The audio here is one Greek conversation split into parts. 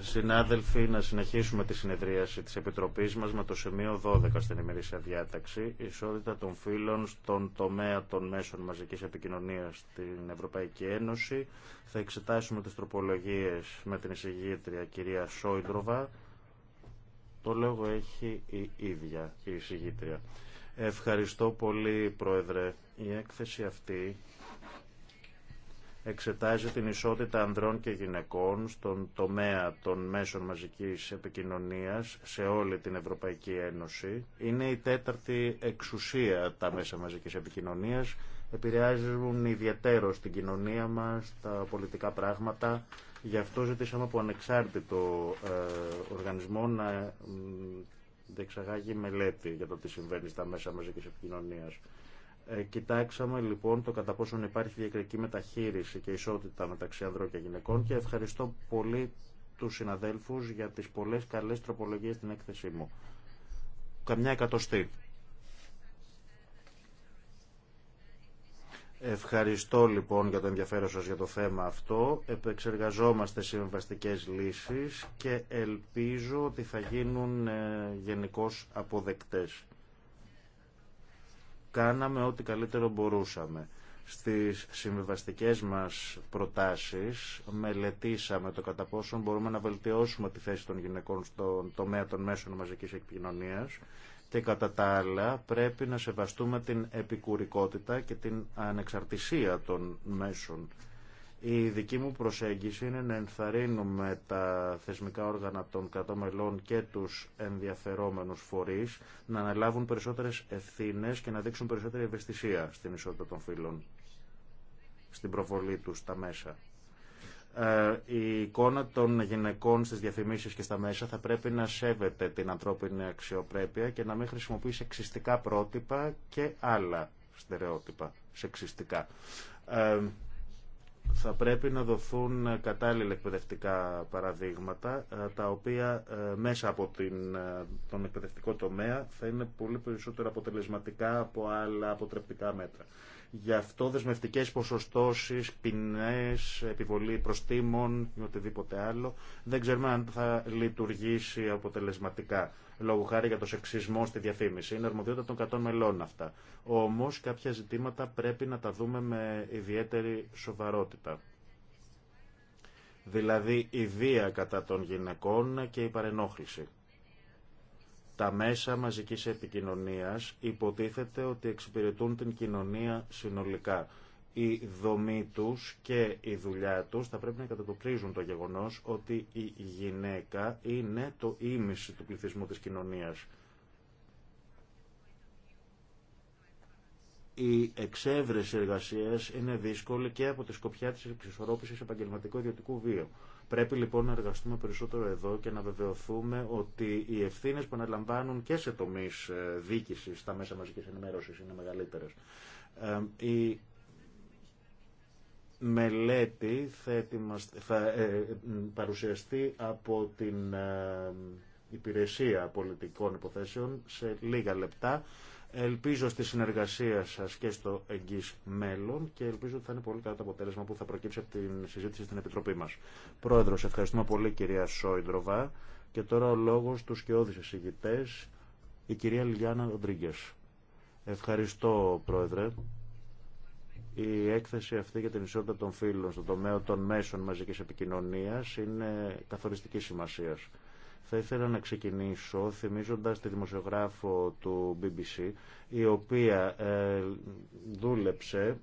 Συνάδελφοι, να συνεχίσουμε τη συνεδρίαση της Επιτροπής μας με το σημείο 12 στην ημερήσια διάταξη, ισότητα των φύλων στον τομέα των μέσων μαζικής επικοινωνίας στην Ευρωπαϊκή Ένωση. Θα εξετάσουμε τις τροπολογίες με την εισηγήτρια κυρία Σόιντροβα. Το λόγο έχει η ίδια η εισηγήτρια. Ευχαριστώ πολύ, Πρόεδρε. Η έκθεση αυτή εξετάζει την ισότητα ανδρών και γυναικών στον τομέα των μέσων μαζικής επικοινωνίας σε όλη την Ευρωπαϊκή Ένωση. Είναι η τέταρτη εξουσία τα μέσα μαζικής επικοινωνίας. Επηρεάζουν ιδιαίτερο στην κοινωνία μας, τα πολιτικά πράγματα. Γι' αυτό ζητήσαμε από ανεξάρτητο ε, οργανισμό να διεξαγάγει μελέτη για το τι συμβαίνει στα μέσα μαζικής επικοινωνίας. Ε, κοιτάξαμε λοιπόν το κατά πόσον υπάρχει διακριτική μεταχείριση και ισότητα μεταξύ ανδρών και γυναικών και ευχαριστώ πολύ τους συναδέλφους για τις πολλές καλές τροπολογίες στην έκθεσή μου. Καμιά εκατοστή. Ευχαριστώ λοιπόν για το ενδιαφέρον σας για το θέμα αυτό. Επεξεργαζόμαστε συμβαστικέ λύσεις και ελπίζω ότι θα γίνουν ε, γενικώ αποδεκτές κάναμε ό,τι καλύτερο μπορούσαμε. Στις συμβιβαστικές μας προτάσεις μελετήσαμε το κατά πόσο μπορούμε να βελτιώσουμε τη θέση των γυναικών στον τομέα των μέσων μαζικής επικοινωνίας και κατά τα άλλα πρέπει να σεβαστούμε την επικουρικότητα και την ανεξαρτησία των μέσων η δική μου προσέγγιση είναι να ενθαρρύνουμε τα θεσμικά όργανα των κατόμελων και τους ενδιαφερόμενους φορείς να αναλάβουν περισσότερες ευθύνες και να δείξουν περισσότερη ευαισθησία στην ισότητα των φύλων, στην προβολή τους στα μέσα. Ε, η εικόνα των γυναικών στις διαφημίσεις και στα μέσα θα πρέπει να σέβεται την ανθρώπινη αξιοπρέπεια και να μην χρησιμοποιεί σεξιστικά πρότυπα και άλλα στερεότυπα σεξιστικά. Ε, θα πρέπει να δοθούν ε, κατάλληλα εκπαιδευτικά παραδείγματα, ε, τα οποία ε, μέσα από την, τον εκπαιδευτικό τομέα θα είναι πολύ περισσότερο αποτελεσματικά από άλλα αποτρεπτικά μέτρα. Γι' αυτό δεσμευτικέ ποσοστώσει, ποινέ, επιβολή προστήμων ή οτιδήποτε άλλο δεν ξέρουμε αν θα λειτουργήσει αποτελεσματικά. Λόγω χάρη για το σεξισμό στη διαφήμιση. Είναι αρμοδιότητα των 100 μελών αυτά. Όμω κάποια ζητήματα πρέπει να τα δούμε με ιδιαίτερη σοβαρότητα. Δηλαδή η βία κατά των γυναικών και η παρενόχληση. Τα μέσα μαζικής επικοινωνίας υποτίθεται ότι εξυπηρετούν την κοινωνία συνολικά. Η δομή τους και η δουλειά τους θα πρέπει να κατατοπίζουν το γεγονός ότι η γυναίκα είναι το ίμιση του πληθυσμού της κοινωνίας η εξέβρεση εργασία είναι δύσκολη και από τη σκοπιά τη εξισορρόπηση επαγγελματικού ιδιωτικού βίου. Πρέπει λοιπόν να εργαστούμε περισσότερο εδώ και να βεβαιωθούμε ότι οι ευθύνε που αναλαμβάνουν και σε τομεί ε, διοίκηση στα μέσα μαζική ενημέρωση είναι μεγαλύτερε. Ε, η μελέτη θα ε, παρουσιαστεί από την Υπηρεσία Πολιτικών Υποθέσεων σε λίγα λεπτά. Ελπίζω στη συνεργασία σας και στο εγγύς μέλλον και ελπίζω ότι θα είναι πολύ καλό το αποτέλεσμα που θα προκύψει από τη συζήτηση στην Επιτροπή μας. Πρόεδρος, ευχαριστούμε πολύ κυρία Σόιντροβα και τώρα ο λόγος του σκιώδης εισηγητές, η κυρία Λιλιάνα Ροντρίγκε. Ευχαριστώ πρόεδρε. Η έκθεση αυτή για την ισότητα των φίλων στον τομέα των μέσων μαζικής επικοινωνίας είναι καθοριστική σημασίας θα ήθελα να ξεκινήσω θυμίζοντας τη δημοσιογράφο του BBC, η οποία ε, δούλεψε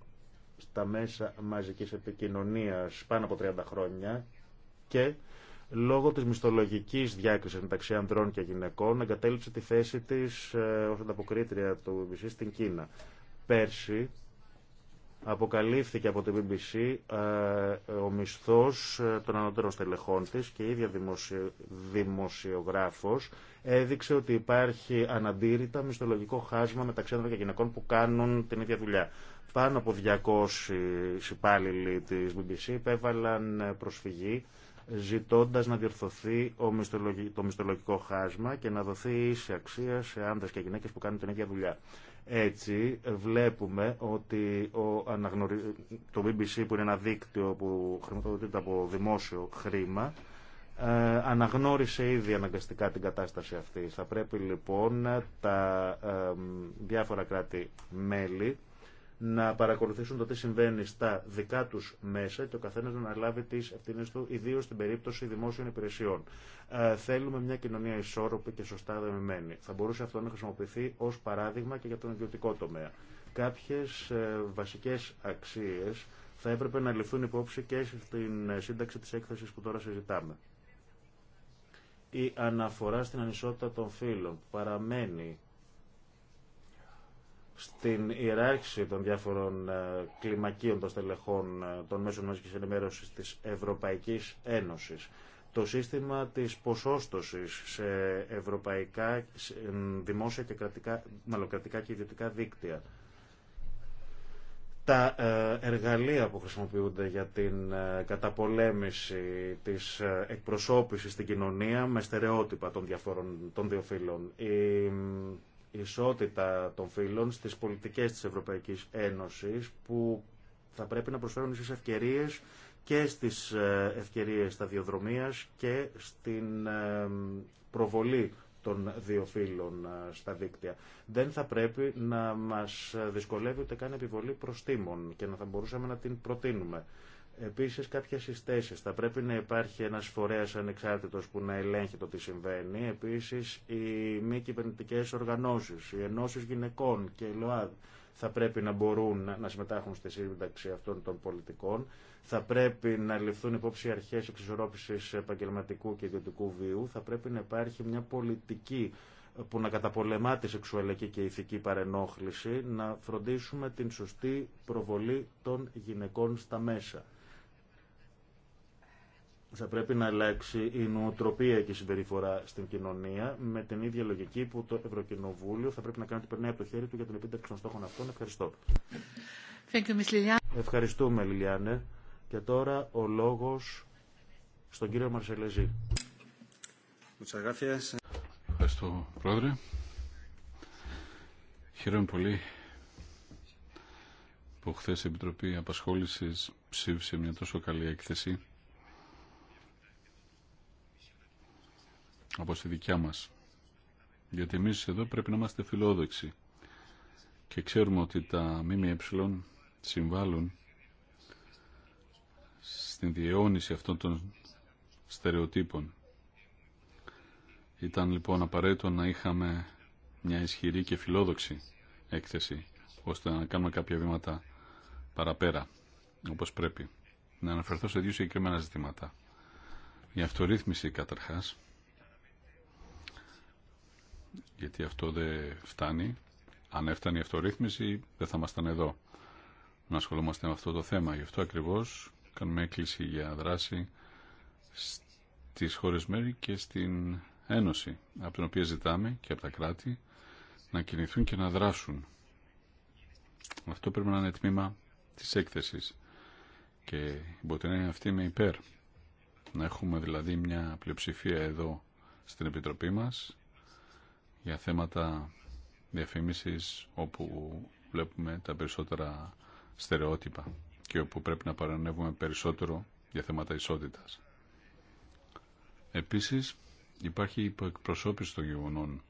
στα μέσα μαζικής επικοινωνίας πάνω από 30 χρόνια και λόγω της μισθολογικής διάκρισης μεταξύ ανδρών και γυναικών εγκατέλειψε τη θέση της ε, ως ανταποκρίτρια του BBC στην Κίνα. Πέρσι αποκαλύφθηκε από την BBC ε, ο μισθός ε, των ανωτέρων στελεχών της και η ίδια δημοσιογράφος έδειξε ότι υπάρχει αναντήρητα μισθολογικό χάσμα μεταξύ άνδρων και γυναικών που κάνουν την ίδια δουλειά. Πάνω από 200 υπάλληλοι της BBC υπέβαλαν ε, προσφυγή ζητώντας να διορθωθεί το μισθολογικό χάσμα και να δοθεί ίση αξία σε άνδρες και γυναίκες που κάνουν την ίδια δουλειά. Έτσι βλέπουμε ότι ο το BBC που είναι ένα δίκτυο που χρηματοδοτείται από δημόσιο χρήμα ε, αναγνώρισε ήδη αναγκαστικά την κατάσταση αυτή. Θα πρέπει λοιπόν τα ε, διάφορα κράτη-μέλη να παρακολουθήσουν το τι συμβαίνει στα δικά τους μέσα και ο καθένα να αναλάβει τι ευθύνε του, ιδίω στην περίπτωση δημόσιων υπηρεσιών. Ε, θέλουμε μια κοινωνία ισόρροπη και σωστά δομημένη. Θα μπορούσε αυτό να χρησιμοποιηθεί ως παράδειγμα και για τον ιδιωτικό τομέα. Κάποιες ε, βασικές αξίες θα έπρεπε να ληφθούν υπόψη και στην ε, σύνταξη τη έκθεση που τώρα συζητάμε. Η αναφορά στην ανισότητα των φύλων παραμένει στην ιεράρχηση των διάφορων ε, κλιμακίων των στελεχών ε, των μέσων μαζικής ενημέρωσης της Ευρωπαϊκής Ένωσης. Το σύστημα της ποσόστοσης σε ευρωπαϊκά, ε, δημόσια και κρατικά, μαλοκρατικά και ιδιωτικά δίκτυα. Τα εργαλεία που χρησιμοποιούνται για την καταπολέμηση της εκπροσώπησης στην κοινωνία με στερεότυπα των, διαφόρων, των δύο ισότητα των φύλων στις πολιτικές της Ευρωπαϊκής Ένωσης που θα πρέπει να προσφέρουν ίσες ευκαιρίες και στις ε, ευκαιρίες σταδιοδρομίας και στην ε, προβολή των δύο φύλων ε, στα δίκτυα. Δεν θα πρέπει να μας δυσκολεύει ούτε καν επιβολή προστήμων και να θα μπορούσαμε να την προτείνουμε. Επίσης κάποιες συστέσεις. Θα πρέπει να υπάρχει ένας φορέας ανεξάρτητος που να ελέγχει το τι συμβαίνει. Επίσης οι μη κυβερνητικέ οργανώσεις, οι ενώσεις γυναικών και η ΛΟΑΔ θα πρέπει να μπορούν να συμμετάχουν στη σύνταξη αυτών των πολιτικών. Θα πρέπει να ληφθούν υπόψη αρχές εξισορρόπησης επαγγελματικού και ιδιωτικού βίου. Θα πρέπει να υπάρχει μια πολιτική που να καταπολεμά τη σεξουαλική και ηθική παρενόχληση, να φροντίσουμε την σωστή προβολή των γυναικών στα μέσα θα πρέπει να αλλάξει η νοοτροπία και η συμπεριφορά στην κοινωνία με την ίδια λογική που το Ευρωκοινοβούλιο θα πρέπει να κάνει ότι περνάει από το χέρι του για την επίτευξη των στόχων αυτών. Ευχαριστώ. Thank you, Ευχαριστούμε, Λιλιάνε. Και τώρα ο λόγος στον κύριο Μαρσελεζή. Ευχαριστώ, Πρόεδρε. Χαίρομαι πολύ που χθε η Επιτροπή Απασχόλησης ψήφισε μια τόσο καλή έκθεση όπως τη δικιά μας. Γιατί εμείς εδώ πρέπει να είμαστε φιλόδοξοι και ξέρουμε ότι τα ΜΜΕ συμβάλλουν στην διαιώνιση αυτών των στερεοτύπων. Ήταν λοιπόν απαραίτητο να είχαμε μια ισχυρή και φιλόδοξη έκθεση, ώστε να κάνουμε κάποια βήματα παραπέρα, όπως πρέπει. Να αναφερθώ σε δύο συγκεκριμένα ζητήματα. Η αυτορύθμιση καταρχάς, γιατί αυτό δεν φτάνει. Αν έφτανε η αυτορύθμιση δεν θα ήμασταν εδώ να ασχολούμαστε με αυτό το θέμα. Γι' αυτό ακριβώς κάνουμε έκκληση για δράση στι χώρες μέρη και στην Ένωση, από την οποία ζητάμε και από τα κράτη να κινηθούν και να δράσουν. Αυτό πρέπει να είναι τμήμα της έκθεσης και μπορεί να είναι αυτή με υπέρ. Να έχουμε δηλαδή μια πλειοψηφία εδώ στην Επιτροπή μας για θέματα διαφήμισης όπου βλέπουμε τα περισσότερα στερεότυπα και όπου πρέπει να παρανεύουμε περισσότερο για θέματα ισότητας. Επίσης υπάρχει υποεκπροσώπηση των γεγονών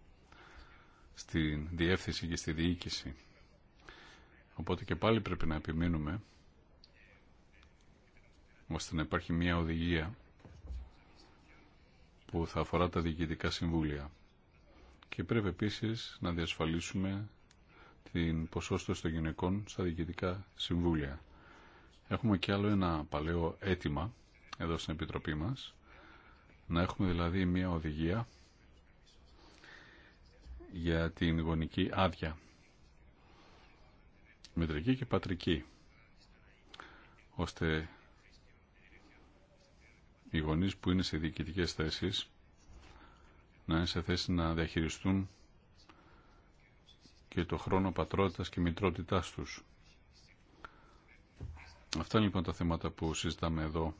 στην διεύθυνση και στη διοίκηση. Οπότε και πάλι πρέπει να επιμείνουμε ώστε να υπάρχει μια οδηγία που θα αφορά τα διοικητικά συμβούλια και πρέπει επίσης να διασφαλίσουμε την ποσότητα των γυναικών στα διοικητικά συμβούλια. Έχουμε και άλλο ένα παλαιό αίτημα εδώ στην Επιτροπή μας, να έχουμε δηλαδή μια οδηγία για την γονική άδεια, Μητρική και πατρική, ώστε οι γονείς που είναι σε διοικητικές θέσεις να είναι σε θέση να διαχειριστούν και το χρόνο πατρότητας και μητρότητάς τους. Αυτά είναι λοιπόν τα θέματα που συζητάμε εδώ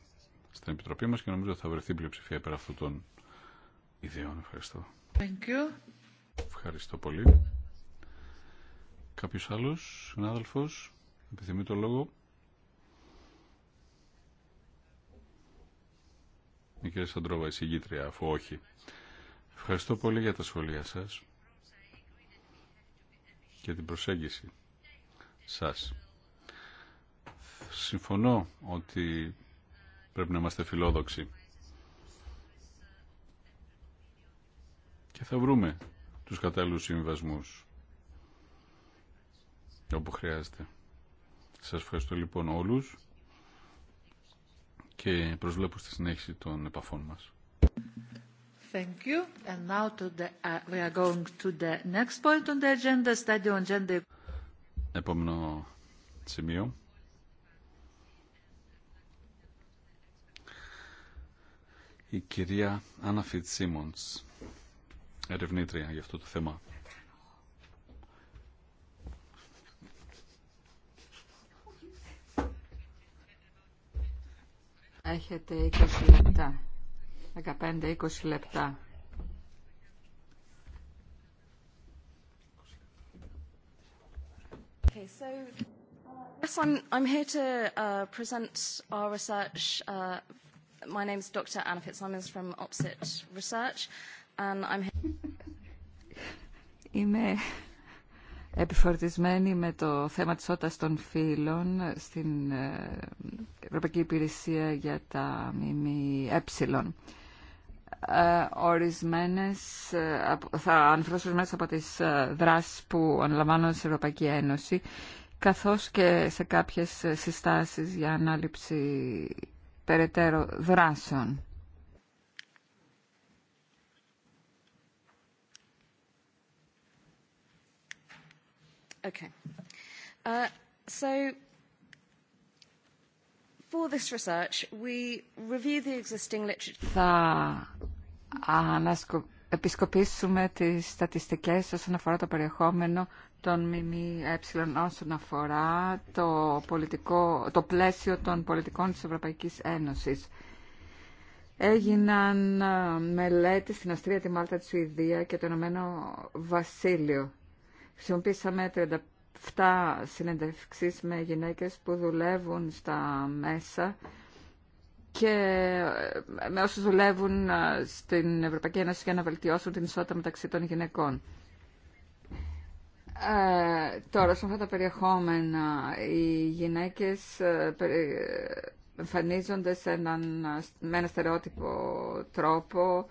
στην Επιτροπή μας και νομίζω θα βρεθεί πλειοψηφία πέρα αυτών των ιδεών. Ευχαριστώ. Thank you. Ευχαριστώ πολύ. Κάποιος άλλος συνάδελφος επιθυμεί το λόγο. Η κυρία Σαντρόβα, εισηγήτρια, αφού όχι. Ευχαριστώ πολύ για τα σχόλια σας και την προσέγγιση σας. Συμφωνώ ότι πρέπει να είμαστε φιλόδοξοι και θα βρούμε τους κατάλληλους συμβασμού όπου χρειάζεται. Σας ευχαριστώ λοιπόν όλους και προσβλέπω στη συνέχιση των επαφών μας. Thank you. And now to the, uh, we are going to the next point on the agenda, study on gender. Επόμενο σημείο. Η κυρία Άννα Σίμονς. ερευνήτρια για αυτό το θέμα. Έχετε 20 λεπτά. 15-20 λεπτά. Okay, so yes, I'm, I'm here to uh, present our research. Uh, my name is Dr. Anna Fitzsimons from Opsit Research, and I'm here. Είμαι επιφορτισμένη με το θέμα της ότας των φύλων στην Ευρωπαϊκή Υπηρεσία για τα ΜΜΕ. Ε, ορισμένες, ε, θα αναφερθώ μέσα από τις ε, δράσεις που αναλαμβάνω στην Ευρωπαϊκή Ένωση καθώς και σε κάποιες συστάσεις για ανάληψη περαιτέρω δράσεων. Okay. Uh, so for this research, we review the existing literature. Να επισκοπήσουμε τις στατιστικές όσον αφορά το περιεχόμενο των ΜΜΕ όσον αφορά το, πολιτικό, το πλαίσιο των πολιτικών της Ευρωπαϊκής Ένωσης. Έγιναν ε, μελέτη στην Αυστρία, τη Μάλτα, τη Σουηδία και το Ηνωμένο Βασίλειο. Χρησιμοποίησαμε 37 συνεντευξείς με γυναίκες που δουλεύουν στα μέσα και ε, με όσους δουλεύουν ε, στην Ευρωπαϊκή Ένωση για να βελτιώσουν την ισότητα μεταξύ των γυναικών. Ε, τώρα, σε αυτά τα περιεχόμενα, οι γυναίκες εμφανίζονται σε έναν, με ένα στερεότυπο τρόπο,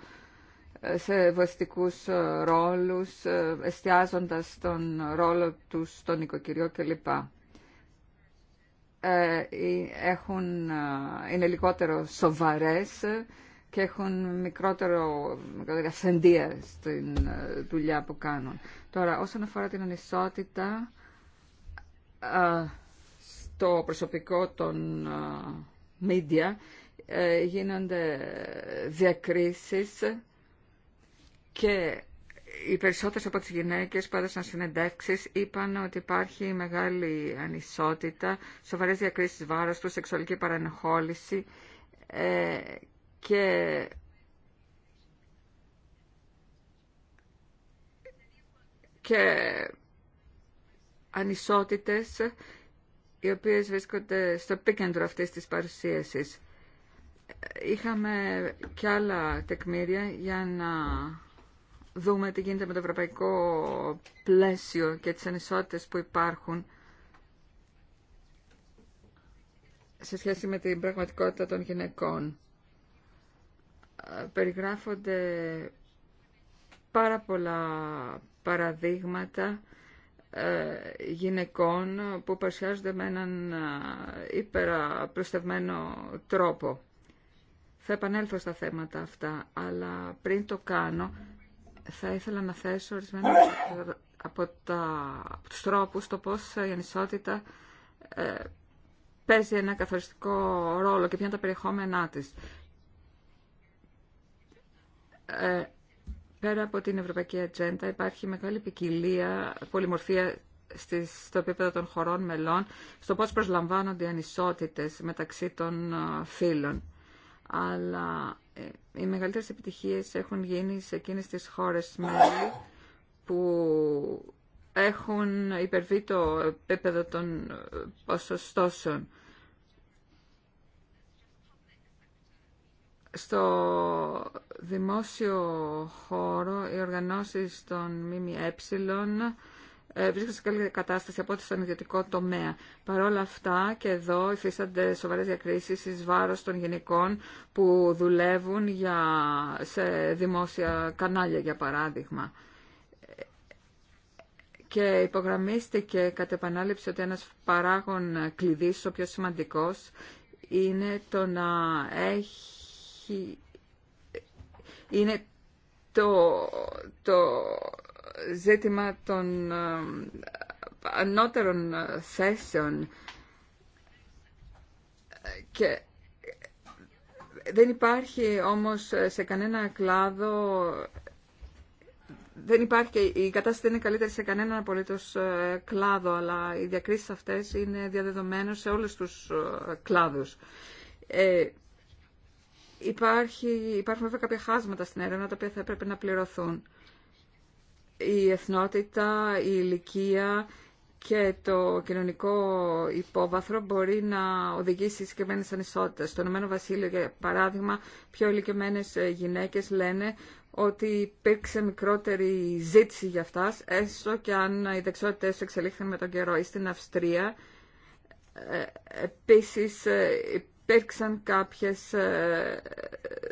σε βοηθητικούς ρόλους, εστιάζοντας τον ρόλο τους στον οικοκυριό κλπ. Ε, έχουν, ε, είναι λιγότερο σοβαρές και έχουν μικρότερο, μικρότερη αυθεντία στην ε, δουλειά που κάνουν. Τώρα, όσον αφορά την ανισότητα στο προσωπικό των media, γίνονται διακρίσεις και οι περισσότερες από τις γυναίκες που έδωσαν συνεντεύξεις είπαν ότι υπάρχει μεγάλη ανισότητα, σοβαρές διακρίσεις βάρος του, σεξουαλική παρανεχόληση ε, και και ανισότητες οι οποίες βρίσκονται στο επίκεντρο αυτής της παρουσίασης. Είχαμε και άλλα τεκμήρια για να δούμε τι γίνεται με το ευρωπαϊκό πλαίσιο και τις ανισότητες που υπάρχουν σε σχέση με την πραγματικότητα των γυναικών. Ε, περιγράφονται πάρα πολλά παραδείγματα ε, γυναικών που παρουσιάζονται με έναν ε, υπεραπλουστευμένο τρόπο. Θα επανέλθω στα θέματα αυτά, αλλά πριν το κάνω θα ήθελα να θέσω ορισμένα από, τα, από τους τρόπους το πώς η ανισότητα ε, παίζει ένα καθοριστικό ρόλο και ποια είναι τα περιεχόμενά της. Ε, πέρα από την Ευρωπαϊκή Ατζέντα υπάρχει μεγάλη ποικιλία, πολυμορφία στις, στο επίπεδο των χωρών μελών, στο πώς προσλαμβάνονται οι ανισότητες μεταξύ των ε, φύλων. Αλλά ε, οι μεγαλύτερες επιτυχίες έχουν γίνει σε εκείνες τις χώρες μέλη που έχουν υπερβεί το επίπεδο των ε, ποσοστώσεων. Στο δημόσιο χώρο οι οργανώσεις των ΜΜΕ ε, βρίσκονται σε καλή κατάσταση από ό,τι στον ιδιωτικό τομέα. Παρ' όλα αυτά και εδώ υφίστανται σοβαρές διακρίσεις εις βάρος των γενικών που δουλεύουν για, σε δημόσια κανάλια, για παράδειγμα. Και υπογραμμίστηκε κατ' επανάληψη ότι ένας παράγων κλειδί, ο πιο σημαντικός, είναι το να έχει... Είναι το, το, ζήτημα των ε, ανώτερων θέσεων και δεν υπάρχει όμως σε κανένα κλάδο δεν υπάρχει η κατάσταση δεν είναι καλύτερη σε κανέναν απολύτως ε, κλάδο αλλά οι διακρίσεις αυτές είναι διαδεδομένες σε όλους τους ε, κλάδους. Ε, υπάρχει, υπάρχουν βέβαια κάποια χάσματα στην έρευνα τα οποία θα έπρεπε να πληρωθούν η εθνότητα, η ηλικία και το κοινωνικό υπόβαθρο μπορεί να οδηγήσει συγκεκριμένε ανισότητε. Στο Ηνωμένο Βασίλειο, για παράδειγμα, πιο ηλικιωμένε ε, γυναίκε λένε ότι υπήρξε μικρότερη ζήτηση για αυτά, έστω και αν οι δεξιότητε εξελίχθηκαν με τον καιρό. Ή στην Αυστρία, ε, επίση, ε, υπήρξαν κάποιες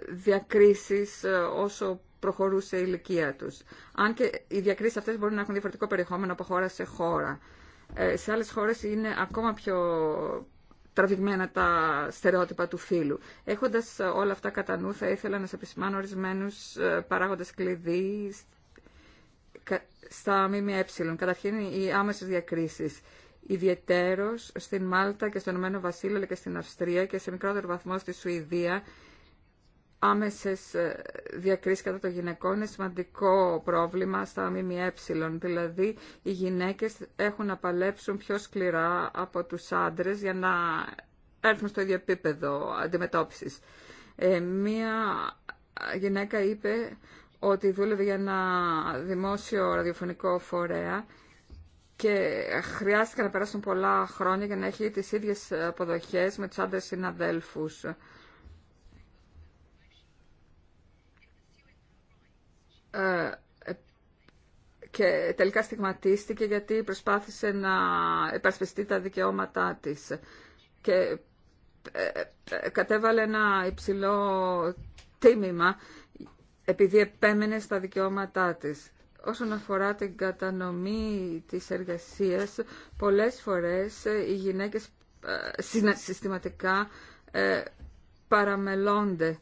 διακρίσεις όσο προχωρούσε η ηλικία τους. Αν και οι διακρίσεις αυτές μπορούν να έχουν διαφορετικό περιεχόμενο από χώρα σε χώρα. Ε, σε άλλες χώρες είναι ακόμα πιο τραβηγμένα τα στερεότυπα του φύλου. Έχοντας όλα αυτά κατά νου, θα ήθελα να σε επισημάνω ορισμένου ε, παράγοντες κλειδί στα ΜΜΕ. Καταρχήν, οι άμεσες διακρίσεις. Ιδιαιτέρως στην Μάλτα και στο Ηνωμένο Βασίλειο και στην Αυστρία και σε μικρότερο βαθμό στη Σουηδία άμεσες ε, διακρίσεις κατά το γυναικών είναι σημαντικό πρόβλημα στα ΜΜΕ. Δηλαδή, οι γυναίκες έχουν να παλέψουν πιο σκληρά από τους άντρες για να έρθουν στο ίδιο επίπεδο αντιμετώπισης. Ε, μία γυναίκα είπε ότι δούλευε για ένα δημόσιο ραδιοφωνικό φορέα και χρειάστηκε να περάσουν πολλά χρόνια για να έχει τις ίδιες αποδοχές με τους άντρες συναδέλφους. Ε, ε, και τελικά στιγματίστηκε γιατί προσπάθησε να επασπιστεί τα δικαιώματά της και ε, κατέβαλε ένα υψηλό τίμημα επειδή επέμενε στα δικαιώματά της. Όσον αφορά την κατανομή της εργασίας, πολλές φορές οι γυναίκες συστηματικά παραμελώνται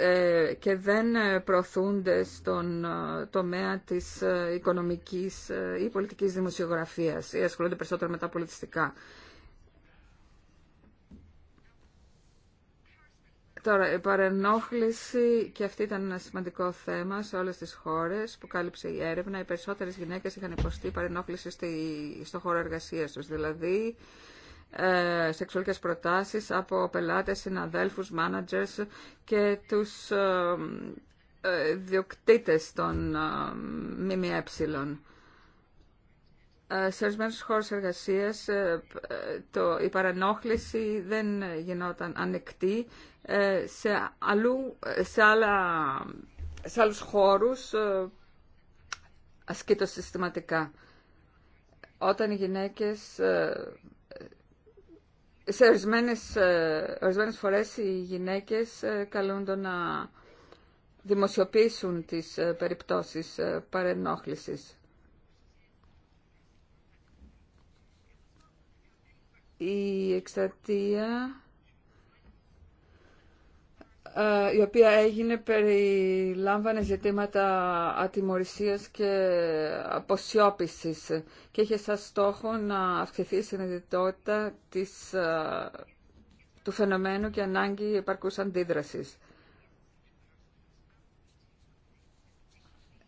ε, και δεν ε, προωθούνται στον ε, τομέα της οικονομικής ή πολιτικής δημοσιογραφίας ή ασχολούνται περισσότερο με τα πολιτιστικά. Τώρα, η παρενόχληση και αυτή ήταν ένα σημαντικό θέμα σε όλες τις χώρες που κάλυψε η έρευνα. Οι περισσότερες γυναίκες είχαν υποστεί παρενόχληση στη, στο χώρο εργασίας τους, δηλαδή ε, σεξουαλικές προτάσεις από πελάτες, συναδέλφους, managers και τους ε, ε διοκτήτες των ε, ΜΜΕ. Ε, σε ορισμένε χώρε εργασία η παρανόχληση δεν γινόταν ανεκτή. Σε, αλλού, σε, άλλα, άλλους χώρους ασκείτο συστηματικά. Όταν οι γυναίκες σε ορισμένες, ε, ορισμένες φορές οι γυναίκες ε, καλούνται να δημοσιοποιήσουν τις ε, περιπτώσεις παρενόχλησης. Η εκστατεία ε, η οποία έγινε περιλάμβανε ζητήματα ατιμορρησίας και αποσιώπησης και είχε σαν στόχο να αυξηθεί η συνειδητότητα της, ε, του φαινομένου και ανάγκη επαρκούς αντίδρασης.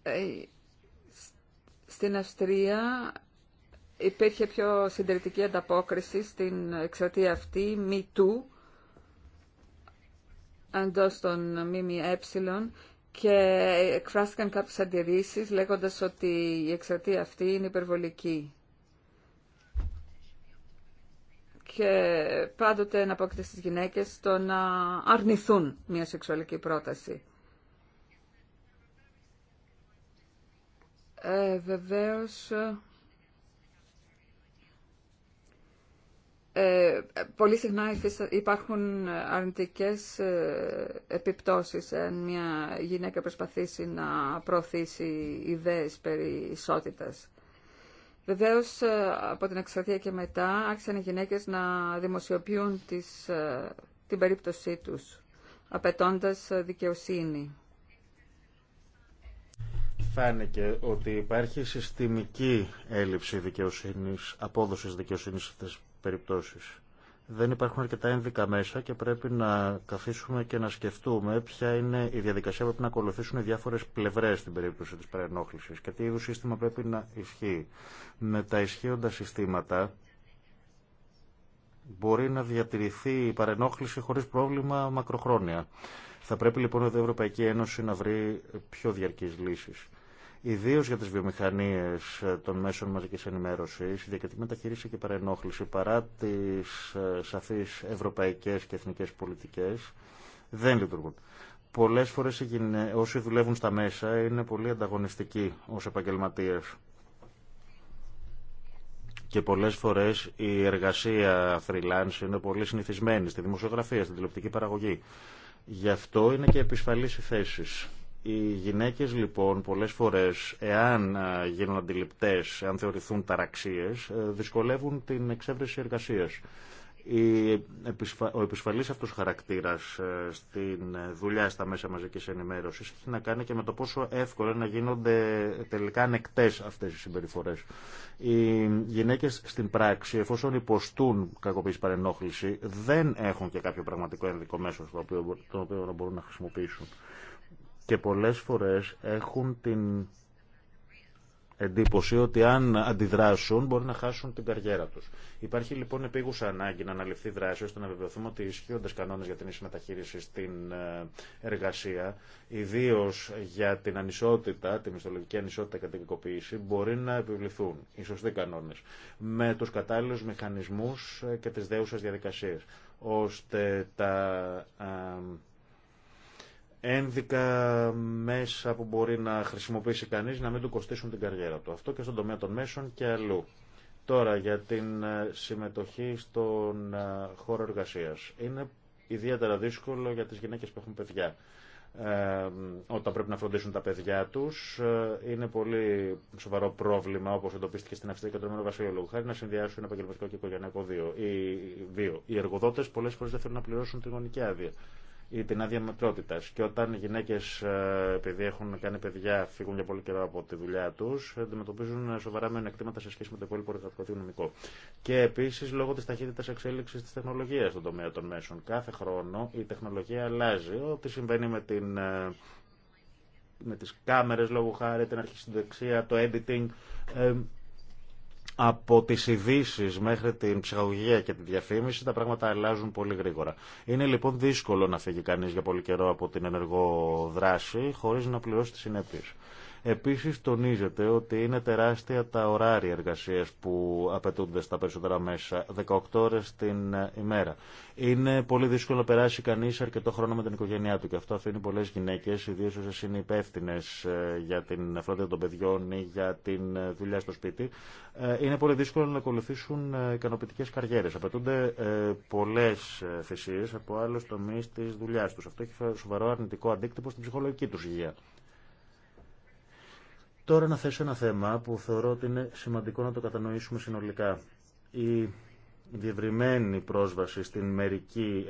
Ε, στην Αυστρία υπήρχε πιο συντηρητική ανταπόκριση στην εξαρτία αυτή, μη του, Εντό των ΜΜΕ και εκφράστηκαν κάποιες αντιρρήσεις λέγοντας ότι η εξαρτία αυτή είναι υπερβολική. Και πάντοτε να και στις γυναίκες το να αρνηθούν μια σεξουαλική πρόταση. Ε, βεβαίως... Ε, πολύ συχνά υπάρχουν ε, αρνητικές ε, επιπτώσεις αν μια γυναίκα προσπαθήσει να προωθήσει ιδέες περί ισότητας. Βεβαίως, από την εξαρτία και μετά, άρχισαν οι γυναίκες να δημοσιοποιούν τις, την περίπτωσή τους, απαιτώντας δικαιοσύνη. Φάνηκε ότι υπάρχει συστημική έλλειψη δικαιοσύνης, απόδοσης δικαιοσύνης στις περιπτώσεις. Δεν υπάρχουν αρκετά ένδικα μέσα και πρέπει να καθίσουμε και να σκεφτούμε ποια είναι η διαδικασία που πρέπει να ακολουθήσουν οι διάφορε πλευρέ στην περίπτωση τη παρενόχληση και τι είδου σύστημα πρέπει να ισχύει. Με τα ισχύοντα συστήματα μπορεί να διατηρηθεί η παρενόχληση χωρί πρόβλημα μακροχρόνια. Θα πρέπει λοιπόν η Ευρωπαϊκή Ένωση να βρει πιο διαρκεί λύσει ιδίω για τι βιομηχανίε ε, των μέσων μαζική ενημέρωση, η διακριτική μεταχείριση και η παρενόχληση, παρά τι ε, σαφεί ευρωπαϊκέ και εθνικέ πολιτικέ, δεν λειτουργούν. Πολλέ φορέ όσοι δουλεύουν στα μέσα είναι πολύ ανταγωνιστικοί ω επαγγελματίε. Και πολλέ φορέ η εργασία freelance είναι πολύ συνηθισμένη στη δημοσιογραφία, στην τηλεοπτική παραγωγή. Γι' αυτό είναι και επισφαλή οι θέσει οι γυναίκες λοιπόν πολλές φορές, εάν ε, γίνουν αντιληπτές, εάν θεωρηθούν ταραξίες, ε, δυσκολεύουν την εξέβρεση εργασίας. Ο επισφαλής αυτός χαρακτήρας ε, στην δουλειά στα μέσα μαζικής ενημέρωσης έχει να κάνει και με το πόσο εύκολο να γίνονται τελικά ανεκτές αυτές οι συμπεριφορές. Οι γυναίκες στην πράξη, εφόσον υποστούν κακοποίηση παρενόχληση, δεν έχουν και κάποιο πραγματικό ενδικό μέσο το οποίο να μπορούν να χρησιμοποιήσουν και πολλές φορές έχουν την εντύπωση ότι αν αντιδράσουν μπορεί να χάσουν την καριέρα τους. Υπάρχει λοιπόν επίγουσα ανάγκη να αναλυφθεί δράση ώστε να βεβαιωθούμε ότι οι κανόνες για την ίση μεταχείριση στην ε, εργασία, ιδίω για την ανισότητα, τη μισθολογική ανισότητα και την οικοποίηση, μπορεί να επιβληθούν οι σωστοί κανόνες με τους κατάλληλους μηχανισμούς ε, και τις δέουσες διαδικασίες ώστε τα ε, ένδικα μέσα που μπορεί να χρησιμοποιήσει κανείς να μην του κοστίσουν την καριέρα του. Αυτό και στον τομέα των μέσων και αλλού. Τώρα για την ε, συμμετοχή στον ε, χώρο εργασίας. Είναι ιδιαίτερα δύσκολο για τις γυναίκες που έχουν παιδιά. Ε, όταν πρέπει να φροντίσουν τα παιδιά τους ε, είναι πολύ σοβαρό πρόβλημα όπως εντοπίστηκε στην Αυστρία και το Ηνωμένο Βασίλειο χάρη να συνδυάσουν επαγγελματικό και οικογενειακό βίο. Οι, βίο. Οι εργοδότες φορές δεν θέλουν να πληρώσουν τη γονική άδεια ή την άδεια μετρότητα. Και όταν οι γυναίκε, ε, επειδή έχουν κάνει παιδιά, φύγουν για πολύ καιρό από τη δουλειά του, αντιμετωπίζουν σοβαρά μειονεκτήματα σε σχέση με το υπόλοιπο εργατικό νομικό. Και επίση λόγω τη ταχύτητα εξέλιξη τη τεχνολογία στον τομέα των μέσων. Κάθε χρόνο η τεχνολογία αλλάζει. Ό,τι συμβαίνει με την ε, με τις κάμερες λόγω χάρη, την συνδεξία, το editing, ε, από τι ειδήσει μέχρι την ψυχαγωγία και τη διαφήμιση τα πράγματα αλλάζουν πολύ γρήγορα. Είναι λοιπόν δύσκολο να φύγει κανεί για πολύ καιρό από την ενεργοδράση δράση χωρί να πληρώσει τι συνέπειε. Επίσης τονίζεται ότι είναι τεράστια τα ωράρια εργασίας που απαιτούνται στα περισσότερα μέσα, 18 ώρες την ε, ημέρα. Είναι πολύ δύσκολο να περάσει κανείς αρκετό χρόνο με την οικογένειά του και αυτό αφήνει πολλές γυναίκες, ιδίως όσες είναι υπεύθυνε ε, για την φροντίδα των παιδιών ή για την ε, δουλειά στο σπίτι, είναι πολύ δύσκολο να ακολουθήσουν ικανοποιητικέ καριέρες. Απαιτούνται πολλές θυσίες από άλλους τομείς της δουλειάς τους. Αυτό έχει σοβαρό αρνητικό αντίκτυπο στην ψυχολογική τους υγεία. Τώρα να θέσω ένα θέμα που θεωρώ ότι είναι σημαντικό να το κατανοήσουμε συνολικά. Η διευρυμένη πρόσβαση στην μερική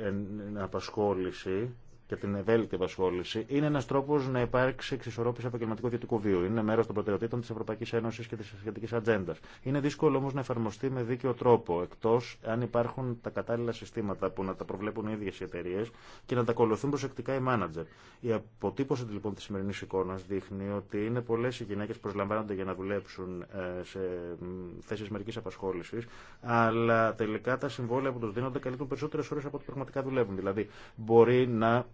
απασχόληση και την ευέλικτη απασχόληση είναι ένα τρόπο να υπάρξει εξισορρόπηση επαγγελματικού ιδιωτικού βίου. Είναι μέρο των προτεραιοτήτων τη Ευρωπαϊκή Ένωση και τη σχετική ατζέντα. Είναι δύσκολο όμω να εφαρμοστεί με δίκαιο τρόπο, εκτό αν υπάρχουν τα κατάλληλα συστήματα που να τα προβλέπουν οι ίδιε οι εταιρείε και να τα ακολουθούν προσεκτικά οι μάνατζερ. Η αποτύπωση λοιπόν τη σημερινή εικόνα δείχνει ότι είναι πολλέ οι γυναίκε που προσλαμβάνονται για να δουλέψουν ε, σε θέσει μερική απασχόληση, αλλά τελικά τα συμβόλαια που του δίνονται καλύπτουν περισσότερε ώρε από ό,τι πραγματικά δουλεύουν. Δηλαδή, μπορεί να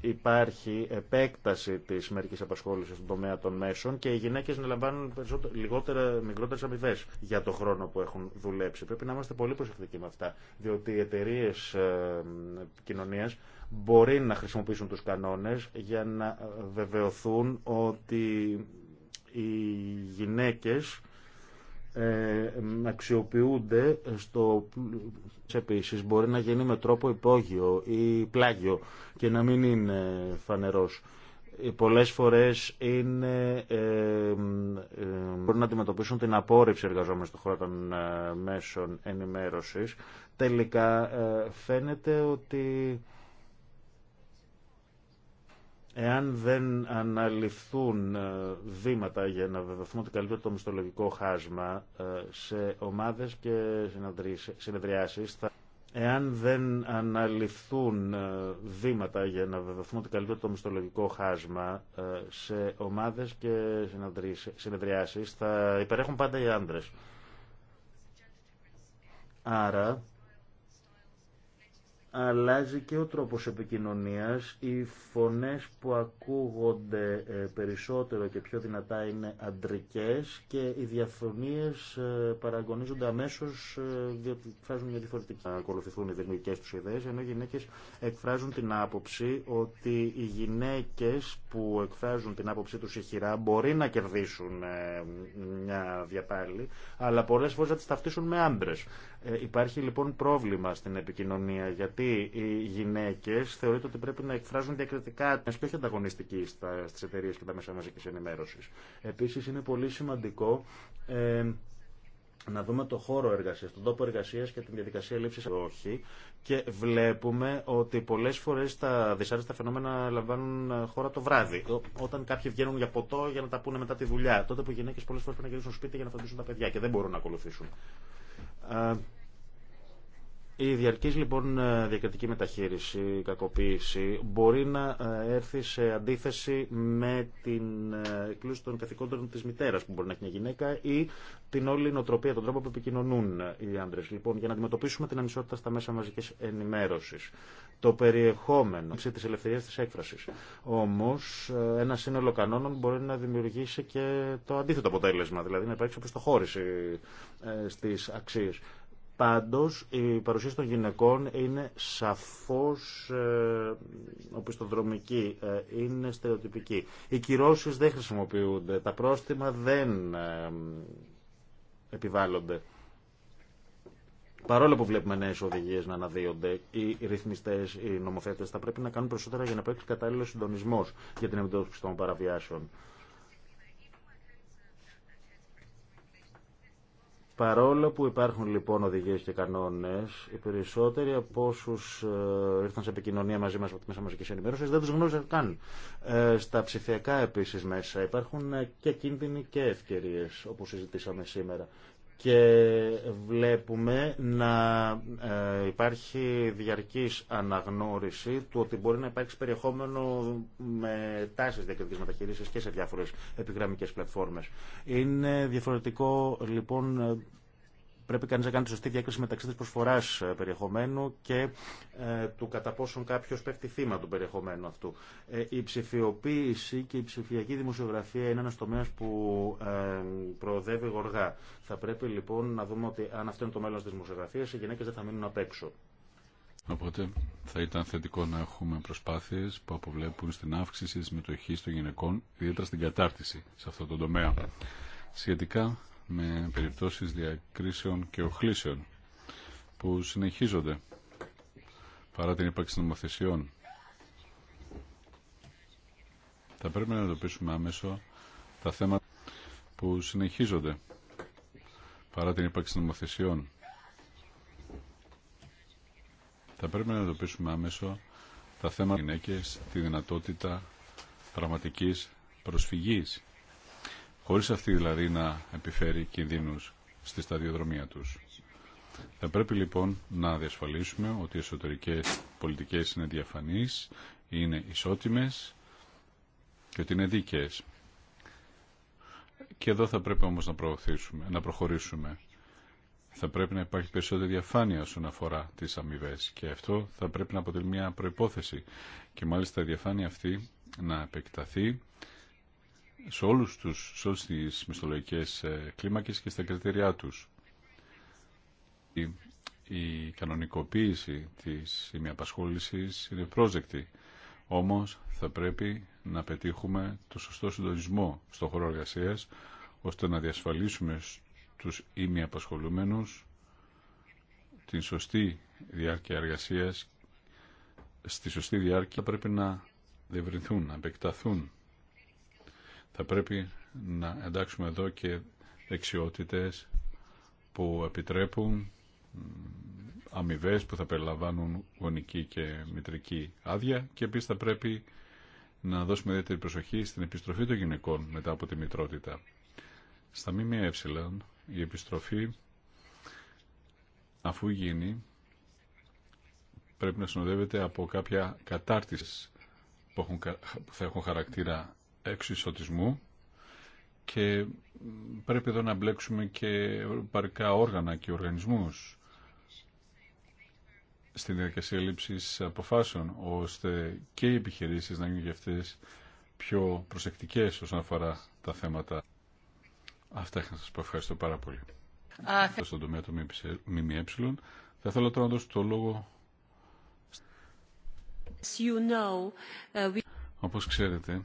υπάρχει επέκταση τη μερική απασχόληση στον τομέα των μέσων και οι γυναίκε να λαμβάνουν λιγότερα, μικρότερε αμοιβέ για το χρόνο που έχουν δουλέψει. Πρέπει να είμαστε πολύ προσεκτικοί με αυτά, διότι οι εταιρείε κοινωνία μπορεί να χρησιμοποιήσουν τους κανόνες για να βεβαιωθούν ότι οι γυναίκες ε, αξιοποιούνται στο επίση μπορεί να γίνει με τρόπο υπόγειο ή πλάγιο και να μην είναι φανερός ε, πολλές φορές είναι, ε, ε, μπορούν να αντιμετωπίσουν την απόρριψη εργαζόμενων στον χώρο των ε, μέσων ενημέρωσης. Τελικά φαίνεται ότι Εάν δεν αναλυθούν ε, βήματα για να βεβαιωθούμε ότι καλύπτεται το μισθολογικό χάσμα ε, σε ομάδες και συνεδριάσεις, θα... εάν δεν αναλυθούν ε, βήματα για να βεβαιωθούμε ότι καλύπτεται το μισθολογικό χάσμα σε ομάδες και συνεδριάσεις, θα υπερέχουν πάντα οι άντρες. Άρα, αλλάζει και ο τρόπος επικοινωνίας. Οι φωνές που ακούγονται ε, περισσότερο και πιο δυνατά είναι αντρικές και οι διαφωνίες ε, παραγωνίζονται αμέσως ε, διότι εκφράζουν μια διαφορετική. Ακολουθηθούν οι δημιουργικές τους ιδέες ενώ οι γυναίκες εκφράζουν την άποψη ότι οι γυναίκες που εκφράζουν την άποψή τους ηχηρά μπορεί να κερδίσουν μια διαπάλη αλλά πολλές φορές θα τις ταυτίσουν με άντρε. Ε, υπάρχει λοιπόν πρόβλημα στην επικοινωνία, γιατί οι γυναίκε θεωρείται ότι πρέπει να εκφράζουν διακριτικά και όχι ανταγωνιστική στι εταιρείε και τα μέσα μαζική ενημέρωση. Επίση, είναι πολύ σημαντικό ε, να δούμε το χώρο εργασία, τον τόπο εργασία και την διαδικασία λήψη όχι και βλέπουμε ότι πολλέ φορέ τα δυσάρεστα φαινόμενα λαμβάνουν ε, χώρα το βράδυ. Όταν κάποιοι βγαίνουν για ποτό για να τα πούνε μετά τη δουλειά, τότε που οι γυναίκε πολλέ φορέ πρέπει να γυρίσουν σπίτι για να φροντίσουν τα παιδιά και δεν μπορούν να ακολουθήσουν a η διαρκής λοιπόν ε, διακριτική μεταχείριση, η κακοποίηση μπορεί να ε, έρθει σε αντίθεση με την ε, εκκλήση των καθηκόντων της μητέρας που μπορεί να έχει μια γυναίκα ή την όλη νοοτροπία, τον τρόπο που επικοινωνούν οι άντρες. Λοιπόν, για να αντιμετωπίσουμε την ανισότητα στα μέσα μαζικής ενημέρωσης, το περιεχόμενο της ελευθερίας της έκφρασης. Όμως, ένα σύνολο κανόνων μπορεί να δημιουργήσει και το αντίθετο αποτέλεσμα, δηλαδή να υπάρξει αποστοχώρηση στις αξίε. Πάντως, η παρουσία των γυναικών είναι σαφώς ε, οπισθοδρομική, ε, είναι στερεοτυπική. Οι κυρώσεις δεν χρησιμοποιούνται, τα πρόστιμα δεν ε, επιβάλλονται. Παρόλο που βλέπουμε νέε οδηγίε να αναδύονται, οι ρυθμιστέ, οι νομοθέτε θα πρέπει να κάνουν περισσότερα για να υπάρξει κατάλληλο συντονισμό για την αντιμετώπιση των παραβιάσεων. Παρόλο που υπάρχουν λοιπόν οδηγίες και κανόνες, οι περισσότεροι από όσου ε, ήρθαν σε επικοινωνία μαζί μας από τη Μέσα Μαζικής Ενημέρωσης δεν τους γνώριζαν καν. Ε, στα ψηφιακά επίσης μέσα υπάρχουν ε, και κίνδυνοι και ευκαιρίες, όπως συζητήσαμε σήμερα και βλέπουμε να ε, υπάρχει διαρκής αναγνώριση του ότι μπορεί να υπάρξει περιεχόμενο με τάσεις διακριτικής μεταχείρισης και σε διάφορες επιγραμμικές πλατφόρμες. Είναι διαφορετικό λοιπόν Πρέπει κανεί να κάνει τη σωστή διάκριση μεταξύ τη προσφορά ε, περιεχομένου και ε, του κατά πόσον κάποιο πέφτει θύμα του περιεχομένου αυτού. Ε, η ψηφιοποίηση και η ψηφιακή δημοσιογραφία είναι ένα τομέα που προοδεύει γοργά. Θα πρέπει λοιπόν να δούμε ότι αν αυτό είναι το μέλλον τη δημοσιογραφία, οι γυναίκε δεν θα μείνουν απ' έξω. Οπότε θα ήταν θετικό να έχουμε προσπάθειες που αποβλέπουν στην αύξηση τη συμμετοχή των γυναικών, ιδιαίτερα στην κατάρτιση σε αυτό το τομέα. Σχετικά με περιπτώσεις διακρίσεων και οχλήσεων που συνεχίζονται παρά την ύπαρξη νομοθεσιών. Θα πρέπει να εντοπίσουμε άμεσο τα θέματα που συνεχίζονται παρά την ύπαρξη νομοθεσιών. Θα πρέπει να εντοπίσουμε άμεσο τα θέματα γυναίκε τη δυνατότητα πραγματικής προσφυγής χωρίς αυτή δηλαδή να επιφέρει κινδύνους στη σταδιοδρομία τους. Θα πρέπει λοιπόν να διασφαλίσουμε ότι οι εσωτερικές πολιτικές είναι διαφανείς, είναι ισότιμες και ότι είναι δίκαιες. Και εδώ θα πρέπει όμως να, προωθήσουμε, να προχωρήσουμε. Θα πρέπει να υπάρχει περισσότερη διαφάνεια όσον αφορά τις αμοιβέ και αυτό θα πρέπει να αποτελεί μια προϋπόθεση και μάλιστα η διαφάνεια αυτή να επεκταθεί σε όλους τους, σε όλες ε, κλίμακες και στα κριτήριά τους. Η, η κανονικοποίηση της ημιαπασχόλησης είναι πρόσδεκτη, όμως θα πρέπει να πετύχουμε το σωστό συντονισμό στον χώρο εργασία, ώστε να διασφαλίσουμε στους ημιαπασχολούμενους την σωστή διάρκεια εργασίας στη σωστή διάρκεια πρέπει να διευρυνθούν, να επεκταθούν θα πρέπει να εντάξουμε εδώ και δεξιότητες που επιτρέπουν αμοιβέ που θα περιλαμβάνουν γονική και μητρική άδεια και επίσης θα πρέπει να δώσουμε ιδιαίτερη προσοχή στην επιστροφή των γυναικών μετά από τη μητρότητα. Στα ΜΜΕ ε, η επιστροφή αφού γίνει πρέπει να συνοδεύεται από κάποια κατάρτιση που, θα έχουν χαρακτήρα εξισωτισμού και πρέπει εδώ να μπλέξουμε και παρικά όργανα και οργανισμούς στην διαδικασία λήψης αποφάσεων, ώστε και οι επιχειρήσεις να γίνουν και αυτές πιο προσεκτικές όσον αφορά τα θέματα. Αυτά είχα να σας πω. Ευχαριστώ πάρα πολύ. Στον τομέα του ΜΜΕ θα ήθελα τώρα να δώσω το λόγο. You know, uh, Όπως ξέρετε,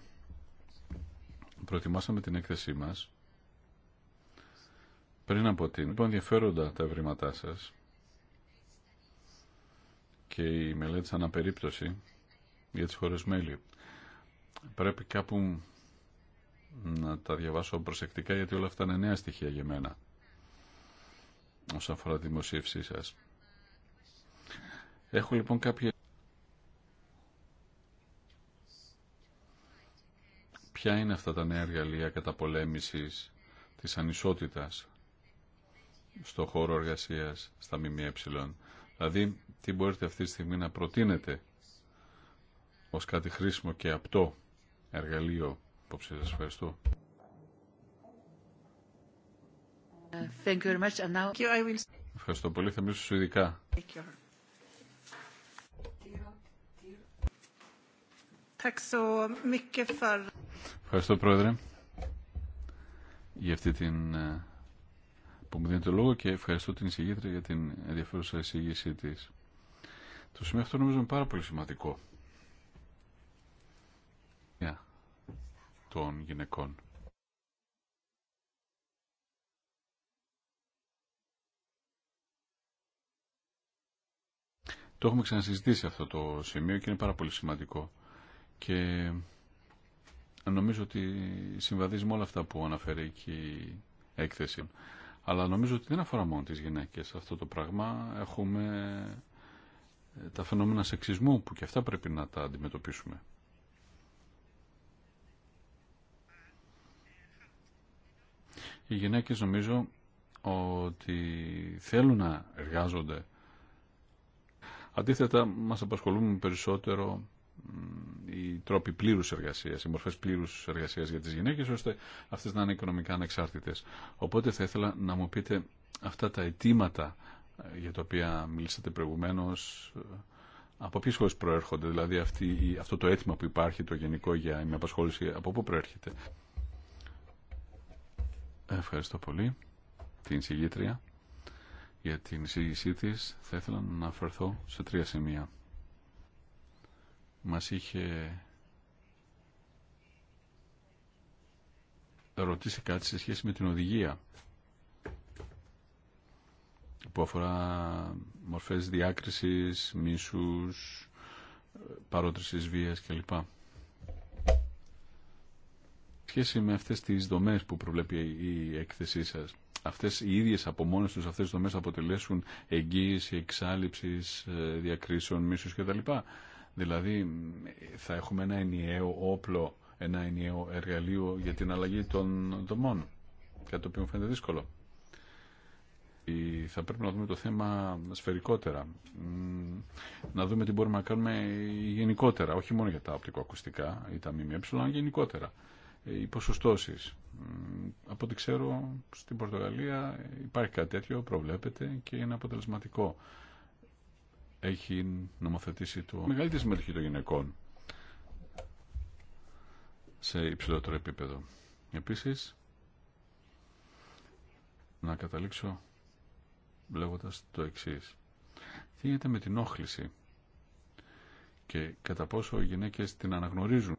προετοιμάσαμε την έκθεσή μας πριν από την. Λοιπόν, ενδιαφέροντα τα ευρήματά σας και η μελέτη σαν αναπερίπτωση για τις χώρες μέλη. Πρέπει κάπου να τα διαβάσω προσεκτικά γιατί όλα αυτά είναι νέα στοιχεία για μένα όσον αφορά τη δημοσίευσή σας. Έχω λοιπόν κάποια ποια είναι αυτά τα νέα εργαλεία πολέμησης της ανισότητας στο χώρο εργασίας στα ΜΜΕ. Δηλαδή, τι μπορείτε αυτή τη στιγμή να προτείνετε ως κάτι χρήσιμο και απτό εργαλείο. Υπόψη σας ευχαριστώ. Ευχαριστώ πολύ. Θα μιλήσω σου ειδικά. Tack så mycket Ευχαριστώ Πρόεδρε για αυτή την ε, που μου δίνετε λόγο και ευχαριστώ την εισηγήτρια για την ενδιαφέρουσα εισηγήσή τη. Το σημείο αυτό νομίζω είναι πάρα πολύ σημαντικό. Yeah. Των γυναικών. Το έχουμε ξανασυζητήσει αυτό το σημείο και είναι πάρα πολύ σημαντικό. Και νομίζω ότι συμβαδίζει με όλα αυτά που αναφέρει και η έκθεση. Αλλά νομίζω ότι δεν αφορά μόνο τις γυναίκες αυτό το πράγμα. Έχουμε ε, τα φαινόμενα σεξισμού που και αυτά πρέπει να τα αντιμετωπίσουμε. Οι γυναίκες νομίζω ότι θέλουν να εργάζονται. Αντίθετα, μας απασχολούν περισσότερο οι τρόποι πλήρους εργασίας, οι μορφές πλήρους εργασίας για τις γυναίκες, ώστε αυτές να είναι οικονομικά ανεξάρτητες. Οπότε θα ήθελα να μου πείτε αυτά τα αιτήματα ε, για τα οποία μιλήσατε προηγουμένως, ε, από ποιες χώρες προέρχονται, δηλαδή αυτή, αυτό το αίτημα που υπάρχει, το γενικό για μια απασχόληση, από πού προέρχεται. Ευχαριστώ πολύ την συγγήτρια για την εισήγησή της. Θα ήθελα να αναφερθώ σε τρία σημεία μας είχε ρωτήσει κάτι σε σχέση με την οδηγία που αφορά μορφές διάκρισης, μίσους, παρότρησης βίας κλπ. Σχέση με αυτές τις δομές που προβλέπει η έκθεσή σας, αυτές οι ίδιες από μόνες τους αυτές τις δομές αποτελέσουν εγγύηση, εξάλληψης, ε, διακρίσεων, μίσους κτλ. Δηλαδή θα έχουμε ένα ενιαίο όπλο, ένα ενιαίο εργαλείο για την αλλαγή των δομών, κάτι το οποίο μου φαίνεται δύσκολο. Θα πρέπει να δούμε το θέμα σφαιρικότερα, να δούμε τι μπορούμε να κάνουμε γενικότερα, όχι μόνο για τα οπτικοακουστικά ή τα ΜΜΕ, αλλά γενικότερα. Ε, οι ποσοστώσει. Από ό,τι ξέρω, στην Πορτογαλία υπάρχει κάτι τέτοιο, προβλέπεται και είναι αποτελεσματικό έχει νομοθετήσει το μεγαλύτερη συμμετοχή των γυναικών σε υψηλότερο επίπεδο. Επίσης, να καταλήξω λέγοντας το εξής. Τι γίνεται με την όχληση και κατά πόσο οι γυναίκες την αναγνωρίζουν.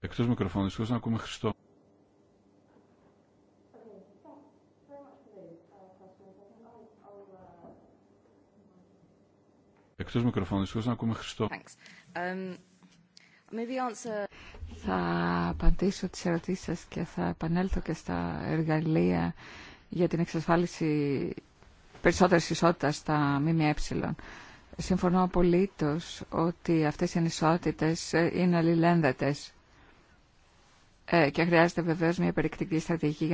Εκτός μικροφώνου, να ακούμε Χριστό. να um, Θα απαντήσω τις ερωτήσεις σας και θα επανέλθω και στα εργαλεία για την εξασφάλιση περισσότερης ισότητας στα ΜΜΕ. Συμφωνώ απολύτως ότι αυτές οι ανισότητες είναι αλληλένδετες ε, και χρειάζεται βεβαίως μια περιεκτική στρατηγική